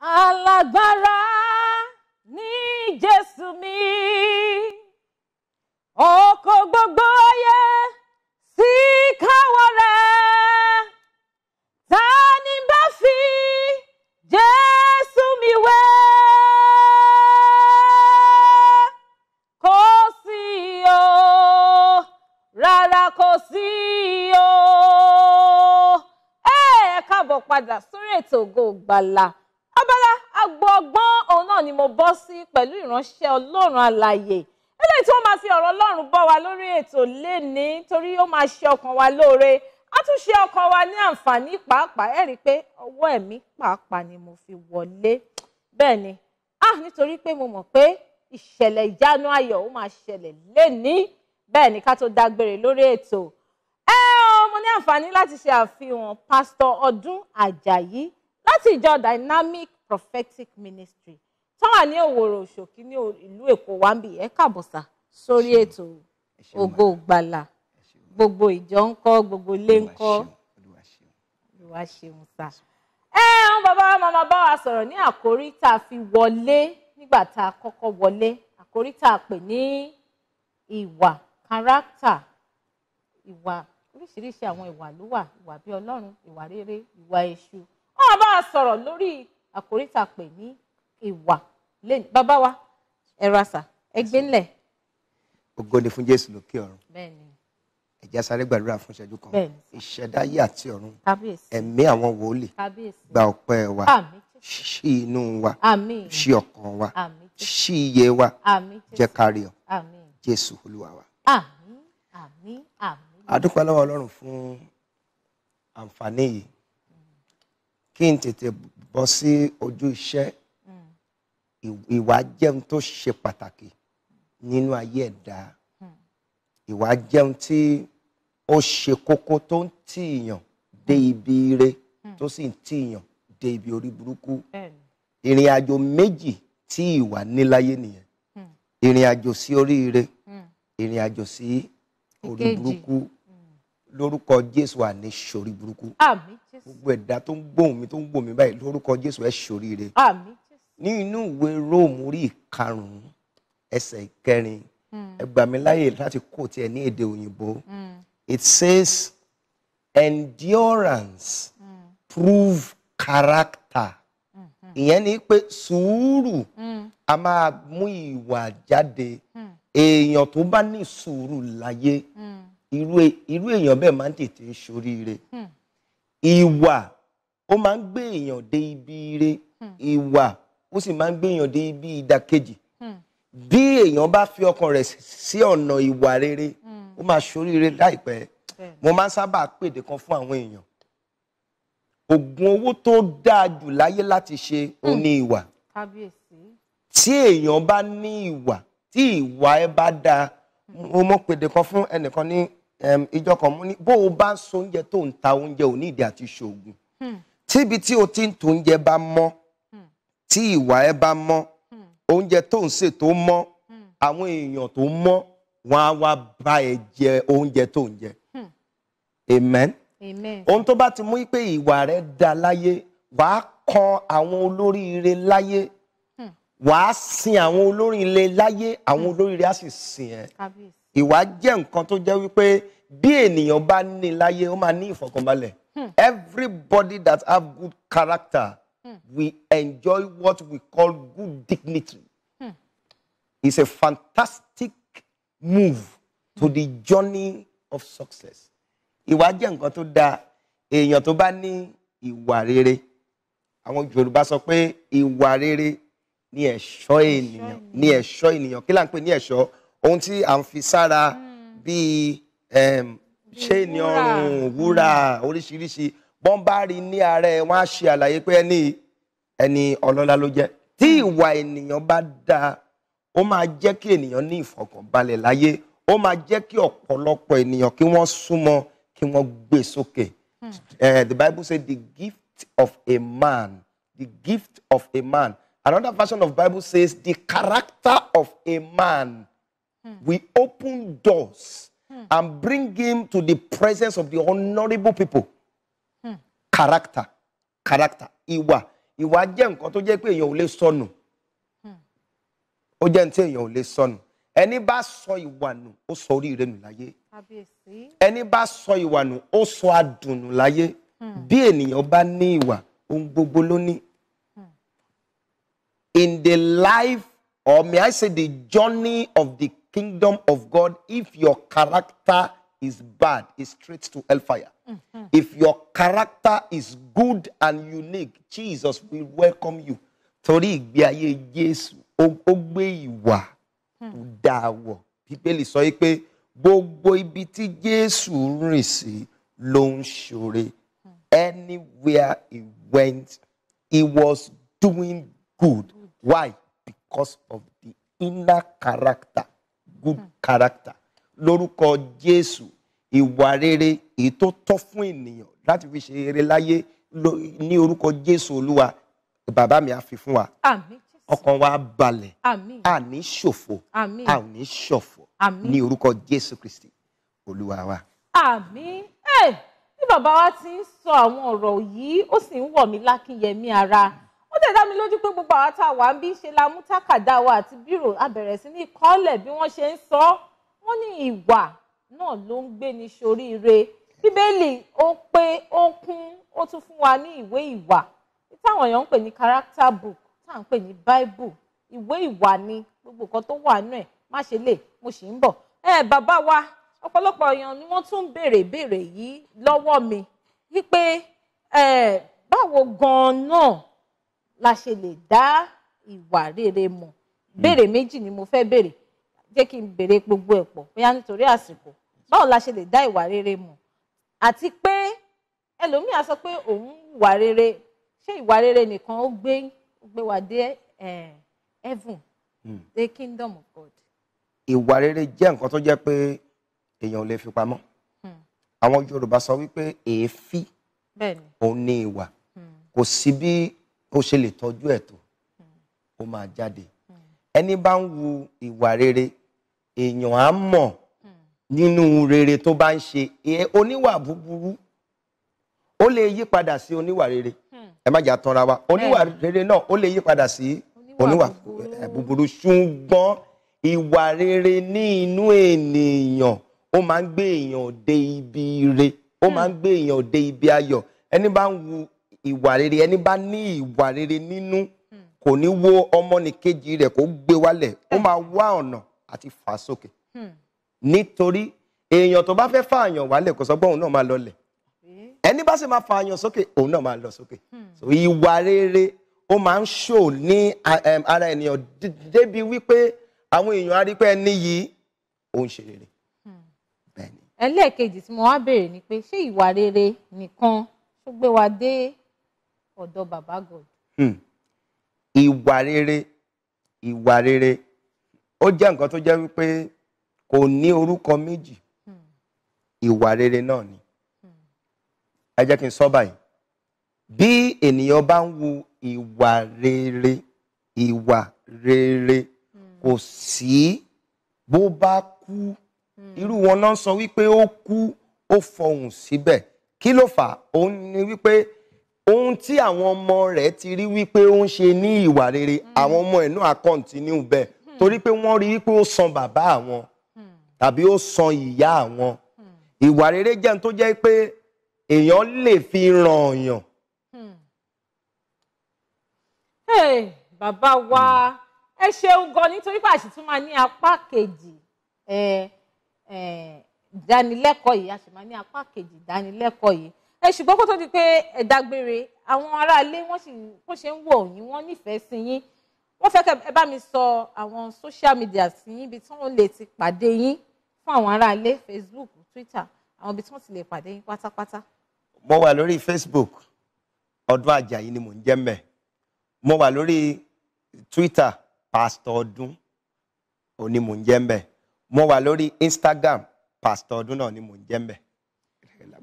Alagbara ní jésù mi oko gbogbo yẹ sí káwọ́ rẹ̀ ta ni bá fi jésù mi wé kò sí o rárá kò sí o ẹ káàbọ̀ padà sórí ètò Ògo Ìgbàlà abala agbọ̀gbọ́n òun náà ni mo bọ́ sí pẹ̀lú ìránṣẹ́ ọlọ́run alàyè eléyìí tí wọ́n máa fi ọ̀rọ̀ ọlọ́run bọ́ wa lórí ètò léni torí ó máa ṣe ọkàn wa lóore á tún ṣe ọkàn wa ní àǹfààní pàápàá ẹ pé ọwọ́ ẹ̀mí pàápàá ni mo fi wọlé bẹ́ẹ̀ ni ah nítorí pé mo mọ̀ pé ìṣẹ̀lẹ̀ ìyanu ayọ̀ ó máa ṣẹlẹ̀ léni bẹ́ẹ̀ ni ká tó dágbére lórí ètò ẹ mo ní àǹfààní láti ṣe àfihàn pásítọ̀ ọdún àjàyí láti ìjọ dynamic prophetic ministry tán wà ní òwòrò òṣòkí ní ìlú èkó wa ń bì ẹ káàbọ̀ sà sórí ètò ògo ìgbàlà gbogbo ìjọ ń kọ́ gbogbo ilé ń kọ́ olúwa ṣeun sà. ẹ àwọn bàbá wa bá wa sọ̀rọ̀ ní àkórí tá a fi wọlé nígbà tá a kọ́kọ́ wọlé àkórí tá a pè ní ìwà káràkítà ìwà oríṣiríṣi àwọn ìwà ló wà ìwà bí ọlọ́run ìwà rere ìwà èṣù wọn bá a sọ̀rọ̀ lórí àkórí tá a pè ní ìwà bàbá wa ẹ ra sà ẹ ni fún jésù lókè ọ̀run ẹ jẹ́ sáré gbàdúrà fún ìṣẹ́jú kan ìṣẹ̀dáyé àti ọ̀run ẹ̀mí àwọn wòlíì gba ọpẹ́ wa ṣí inú wa ṣí ọkàn wa ṣí iye wa jẹ́ kárí ọ jésù olúwa wa. àmín àmín àmín. a dúpẹ́ lọ́wọ́ ọlọ́run fún àǹfààní yìí kí n tètè bọ́ sí ojú iṣẹ́ ìwà jẹun tó ṣe pàtàkì nínú ayé ẹ̀dá ìwà jẹun tí ó ṣe kókó tó ń tìyàn dé ibi ire tó sì ń tìyàn dé ibi orí burúkú ìrìn àjò méjì tí ìwà níláyé nìyẹn ìrìn àjò sí oríire ìrìn àjò sí orí burúkú lórúkọ jésù àní ṣorí burúkú gbogbo ẹ̀dá tó ń gbóhùn mi tó ń gbóhùn mi báyìí lórúkọ jésù ẹ ṣoríire ní inú ìwé róòmù orí ìkarùn-ún ẹsẹ̀ ìkẹrin ẹ gbà láyè láti kó tiẹ̀ ní èdè òyìnbó hmm. it says endurance mm. prove character hmm. ìyẹn ni pé sùúrù hmm. a máa mú ìwà jáde èèyàn tó bá ní sùúrù láyé E, irú èèyàn bẹ́ẹ̀ máa ń tètè ṣoríire hmm. ìwà ó máa ń gbé èèyàn dé ibi ire hmm. ìwà ó sì máa ń gbé èèyàn dé ibi ìdàkejì hmm. bí èèyàn bá fi ọkàn rẹ̀ sí ọ̀nà ìwà rere ó máa ṣoríire láìpẹ́ mo máa ń sábà pèdè kan fún àwọn èèyàn oògùn owó tó dáa jù láyé láti ṣe ó ní ìwà tí èèyàn bá ní ìwà tí ìwà ẹ bá dáa mo mọ̀ pèdè kan fún ẹnìkan ní ìjọ kan mo ní bó o bá ń so oúnjẹ tó ń ta oúnjẹ ò ní ìdí àti ṣoògùn hmm. tíbi tí o ti ń to oúnjẹ bá mọ́ hmm. tí ìwà ẹ bá mọ́ hmm. oúnjẹ tó ń sè tó mọ́ àwọn èèyàn tó mọ́ wọn á wá bá ẹ jẹ oúnjẹ tó ń jẹ amen ohun tó bá ti mú pé ìwà rẹ dá láyé wàá kan àwọn olóríire láyé wàá sin àwọn olóríire láyé àwọn olóríire á sì sin ẹ ìwà jẹ́ nǹkan tó jẹ́ wípé bí ènìyàn bá ní láyé ó máa ní ìfọ̀kànbalẹ̀ hmm. everybody that have good character hmm. we enjoy what we call good dignity hmm. it's a fantastic move to the journey of success ìwà jẹ́ nǹkan tó dáa èèyàn tó bá ní ìwà rere àwọn Yorùbá sọ pé ìwà rere ni ẹ̀ṣọ́ ènìyàn ni ẹ̀ṣọ́ ènìyàn kí là ń pè ní ẹ̀ṣọ́ ohun tí à ń fi sára hmm. bíi ṣéènì ọrùn wúrà hmm. oríṣiríṣi bọ́n bá rí ní ara ẹ̀ wọ́n á ṣe àlàyé pé ẹni ẹni ọlọ́lá ló jẹ́ tí hmm. ìwà ènìyàn bá dáa ó máa jẹ́ kí ènìyàn ní ìfọ̀kànbalẹ̀ láyé ó máa jẹ́ kí ọ̀pọ̀lọpọ̀ ènìyàn kí wọ́n súnmọ́ kí wọ́n gbé sókè. Eh, the Bible says the gift of a man the gift of a man another version of Bible says the character of a man Hmm. We open doors mm. and bring him to the presence of the honorable people. Mm. Character, character, Iwa, Iwa. jẹ́ nǹkan tó jẹ́ pé èèyàn ò lè sọnù. Hmm. Ó jẹ́ ní tí èèyàn ò lè sọnù. Ẹni bá sọ ìwà nù, ó sọ oríire nù láyé. Ẹni bá sọ ìwà nù, ó sọ adùn láyé. Hmm. Bí ènìyàn bá ní ìwà, ohun gbogbo ló ní. In the life, or may I say the journey of the kingdom of God, if your character is bad, is straight to hellfire. Mm-hmm. If your character is good and unique, Jesus will welcome you. Torí ìgbé ayé Jésù, ó ìwà tó hmm. Bíbélì sọ pé gbogbo ibi tí Jésù rìn sí ló hmm. Anywhere he went, he was doing good. Why? Because of the inner character good character lórúkọ Jésù ìwà rere èyí tó tọ́ fún ènìyàn láti fi ṣe eré láyé ní orúkọ Jésù Olúwa bàbá mi á fi fún wa ọkàn wa balẹ̀ àní ṣòfò àní ṣọ̀fọ̀ ní orúkọ Jésù Kristi Olúwa wa. àmín ẹ bí bàbá wa ti ń sọ àwọn ọ̀rọ̀ yìí ó sì ń wọ̀ mí lákìyẹmí ara dẹ̀ dá mi lójú pé gbogbo àwọn tá a wà ń bí ṣe la mú tákàdá wa àti bírò a bẹ̀rẹ̀ sí ní ìkọ́lẹ̀ bí wọ́n ṣe ń sọ wọ́n ní ìwà náà ló ń gbé ní ṣoríire bíbélì ó pé ó kún ó tún fún wa ní ìwé ìwà táwọn èèyàn ń pè ní character book tá à ń pè ní bible ìwé ìwà ni gbogbo nǹkan tó wà nù ẹ̀ má ṣe lè mo sì ń bọ̀ ẹ bàbá wa ọ̀pọ̀lọpọ̀ èèyàn ni wọ́n tún ń béèrè yìí lọ́wọ́ mi wípé báwo gan-an náà la ṣe lè dá ìwà rere mọ̀ béèrè hmm. méjì ni mo fẹ́ béèrè jẹ́ kí n béèrè gbogbo ẹ̀ pọ̀ bóyá nítorí àsìkò báwo la ṣe lè dá ìwà rere mọ̀ àti pé ẹlòmíì á sọ pé òun ìwà rere ṣé ìwà rere nìkan ó gbé ó gbé wa dé heaven hmm. the kingdom of God. ìwà rere jẹ́ nǹkan tó jẹ́ pé èèyàn ò lè fi pamọ́ hmm. àwọn Yorùbá sọ wípé èéfì òun ni ìwà kò sí bí bó ṣe lè tọ́jú ẹ̀ tó ó máa jáde ẹni bá ń wu ìwà rere èèyàn á mọ̀ nínú rere tó bá ń ṣe oníwà búburú ó lè yí padà sí oníwà rere ẹ má jà tanra wa oníwà rere náà ó lè yí padà sí oníwà búburú ṣùgbọ́n ìwà rere ní inú ènìyàn ó máa ń gbé èèyàn dé ibi ire ó máa ń gbé èèyàn dé ibi ayọ̀ ẹni bá ń wu ìwà rere ẹni bá ní ìwà rere nínú kò ní wo ọmọnìkejì rẹ̀ kó gbé wálẹ̀ ó máa wá ọ̀nà àti fà sókè nítorí èèyàn tó bá fẹ́ fààyàn wálẹ̀ kò sọ pé òun náà máa lọlẹ̀ ẹni bá sì máa fààyàn sókè òun náà máa lọ sókè ìwà rere ó máa ń ṣò ní ara ènìyàn débi wípé àwọn èèyàn á rí pé ẹni yìí ó ṣe rere ẹlẹ́ẹ̀kejì tí mo wá béèrè ni pé ṣé ìwà rere nìkan tó gbé wa dé ọ̀dọ̀ bàbá God. Hmm. ìwà rere ìwà rere ó jẹ́ nǹkan tó jẹ́ wípé kò ní orúkọ méjì hmm. ìwà rere náà ni hmm. ẹ jẹ́ kí n sọ báyìí bí ènìyàn bá ń wu ìwà rere ìwà rere kò sí bó bá kú irú wọn náà sọ wípé ó kú ó fọhùn síbẹ̀ kí ló fà ó ní wípé ohun tí àwọn ọmọ rẹ̀ ti rí wípé ó ń ṣe ní ìwà rere àwọn ọmọ ẹ̀ náà kọ́ntínú bẹ́ẹ̀ hmm. torí pé wọ́n rí wípé ó san bàbá àwọn hmm. tàbí ó san ìyá àwọn hmm. ìwà rere jẹ́ tó jẹ́ pé èèyàn lè fi ràn yàn. bàbá wa ẹ ṣeun gan nítorí pé àṣìtún máa ní apá kejì eh, eh, ìdánilẹ́kọ̀ọ́ yìí a sì máa ní apá kejì ìdánilẹ́kọ̀ọ́ yìí ẹ ṣùgbọ́n kó tó di pé ẹ dágbére àwọn aráalé wọ́n sì bó ṣe ń wò yín wọ́n nífẹ̀ẹ́ sí yín wọ́n fẹ́ kẹ́ ẹ bá mi sọ àwọn social media sí yín ibi tí wọ́n lè ti pàdé yín fún àwọn aráalé Facebook Twitter àwọn ibi tí wọ́n ti lè pàdé yín pátápátá. mo wà lórí Facebook ọdún Àjàyí ni mò ń jẹ́ mẹ́ mo wà lórí Twitter Pastor Ọdún òní mò ń jẹ́ mẹ́ mo wà lórí Instagram Pastor Ọdún náà ni mò ń jẹ́ mẹ́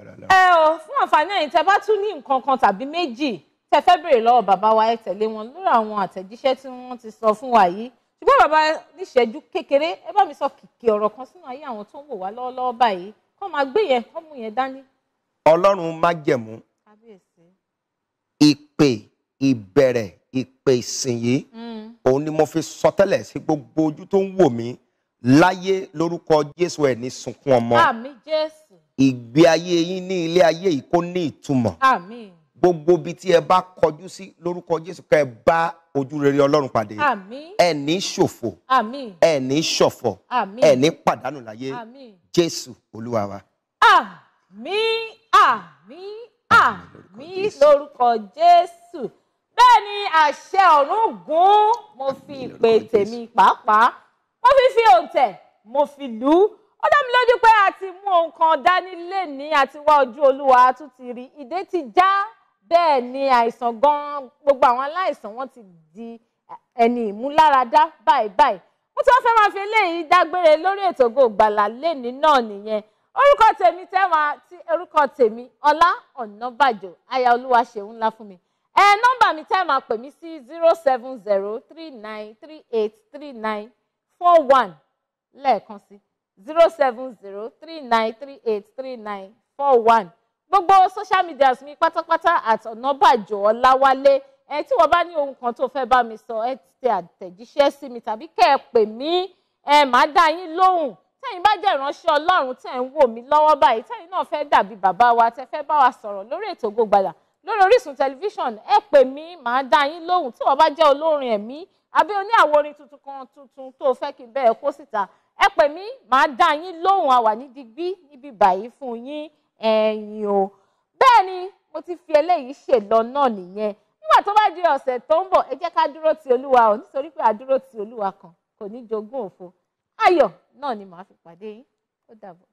lágbára lára. ẹ ọ fún àǹfààní ẹ̀yin tẹ bá tún ní nǹkan kan tàbí méjì tẹ fẹ́ béèrè lọ́wọ́ bàbá wa ẹ tẹ̀lé wọn lórí àwọn àtẹ̀jíṣẹ́ tí wọ́n ti sọ fún wa yìí ṣùgbọ́n bàbá níṣẹ́jú kékeré ẹ bá mi sọ kìkì ọ̀rọ̀ kan sínú ayé àwọn tó ń wò wá lọ́wọ́lọ́wọ́ báyìí kó máa gbé yẹn kó mú yẹn dání. ọlọ́run májẹ̀mú ìpè ìbẹ̀rẹ̀ ìpè ìsìn yìí mm. òun ni mo fi sọ tẹ́lẹ̀ sí gbogbo ojú tó ń wò mí láyé lórúkọ jésù ẹ̀ ní sunkún ọmọ. àmín jésù ìgbé ayé yín ní ilé ayé yìí kó ní ìtumọ̀ àmín gbogbo ibi tí ẹ bá kọjú sí lórúkọ Jésù kẹ́ ẹ bá ojú rere Ọlọ́run pàdé àmín ẹ ní ṣòfò àmín ẹ ní ṣọ̀fọ̀ àmín ẹ ní pàdánù láyé àmín Jésù Olúwa wa. àmín àmín àmín lórúkọ Jésù bẹ́ẹ̀ ni àṣẹ ọ̀run gún mo fi ìpè tèmi pàápàá mo fi fi òǹtẹ̀ mo fi lù ú ó dá mi lójú pé a ti mú ohun kan dání léni àti wá ojú olúwa tún ti rí ìdè ti já bẹ́ẹ̀ ni àìsàn gan-an gbogbo àwọn aláìsàn wọn ti di ẹni ìmúláradá báyìí báyìí mo tún fẹ́ máa fi eléyìí dágbére lórí ètò Ògo Ìgbàlà léni náà nìyẹn orúkọ tèmi tẹ́wọ̀n tí orúkọ tèmi Ọlá Ọ̀nàbàjọ́ aya olúwa ṣeun ńlá fún mi ẹ nọ́mbà mi tẹ́wọ̀n pè mí sí zero seven zero three nine three eight three nine four one lẹ́ẹ̀kan sí zero seven zero three nine three eight three nine four one gbogbo social media mi pátápátá at Ọ̀nàbàjọ́ Ọláwálé ẹ tí wọ́n bá ní ohun kan tó fẹ́ bá mi sọ ẹ ti tẹ àtẹ̀jíṣẹ́ sí mi tàbí kẹ́ ẹ pè mí ẹ màá dá yín lóhùn tẹ́yìn bá jẹ́ ìránṣẹ́ Ọlọ́run tẹ́ ń wò mí lọ́wọ́ báyìí tẹ́yìn náà fẹ́ dàbí bàbá wa tẹ́ fẹ́ bá wa sọ̀rọ̀ lórí ètò Ògo Ìgbàlà lórí Orísun tẹlifíṣàn ẹ pè mí màá dá yín lóhùn tí wọ́n bá jẹ́ olórin ẹ̀mí àbí oní àwo tuntun kan tuntun tó fẹ́ kí bẹ́ẹ̀ kó síta ẹ pè mí màá dá yín lóhùn àwà ní digbí níbi báyìí fún yín ẹ̀yin o bẹ́ẹ̀ ni mo ti fi eléyìí ṣe náà nìyẹn nígbà tó bá di ọ̀sẹ̀ tó ń bọ̀ ẹ jẹ́ ká dúró ti olúwa o nítorí pé àdúró ti olúwa kan kò ní jogún òfo ayọ̀ náà ni màá fi pàdé yín ó dàbọ̀.